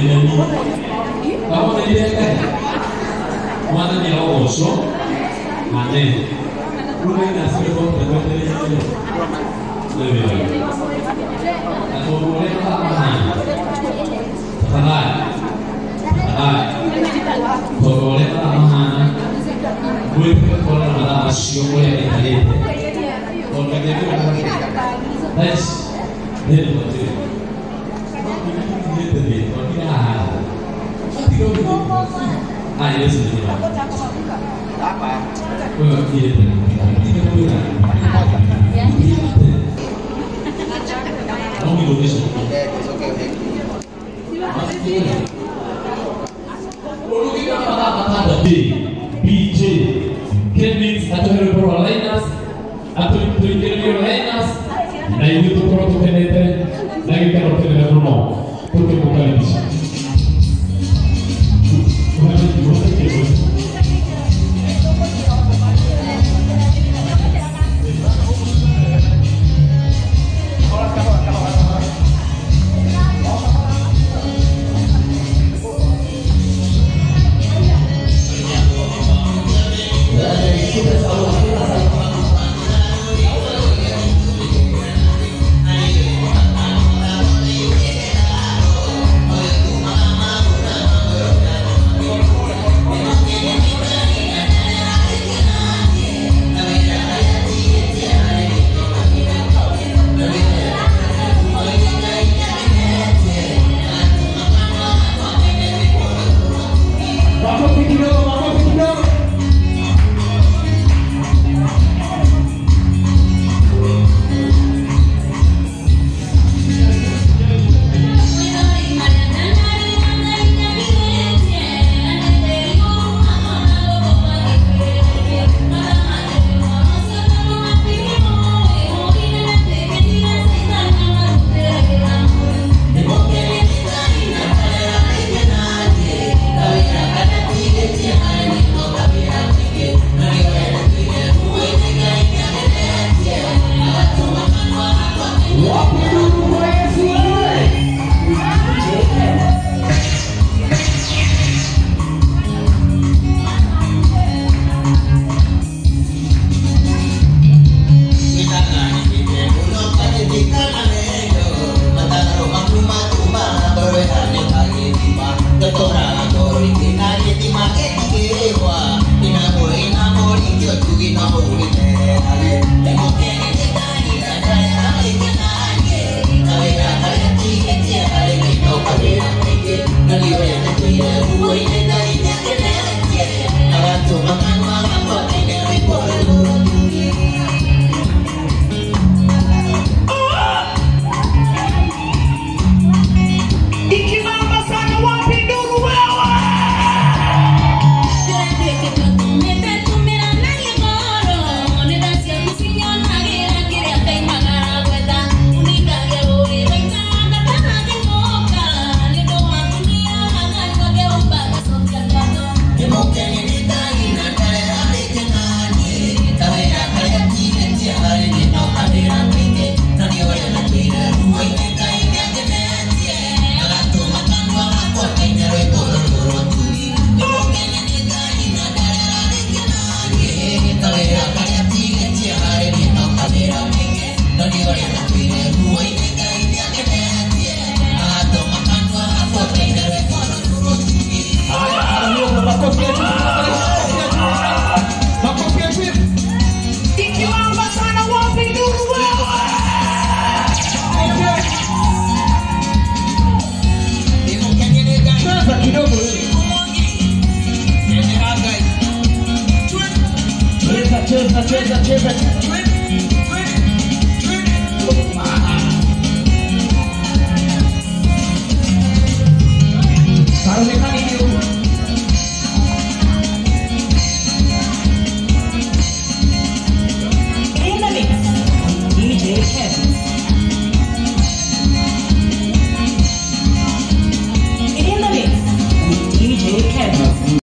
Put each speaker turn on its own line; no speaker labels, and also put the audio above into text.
年ぶりにあまり入れてまだに青をしょまあね運営がすることでこうやって入れてそういう意味であと俺のたまにただいただいここ俺のたまに Gue pun malah masih gue yang tadi. Kalau kayak gitu, guys, dia mau Ah, ini sebenarnya. Apa? Oh, iya. Ini kurang. Kamu minum ini. Oke, oke, oke. Perlu kita kata-kata ada B, BJ, Kevin atau Herberolainas atau Twitter Herberolainas na invito pronto tenete, na que quero ter no porque apocalipse. touch it, touch it, touch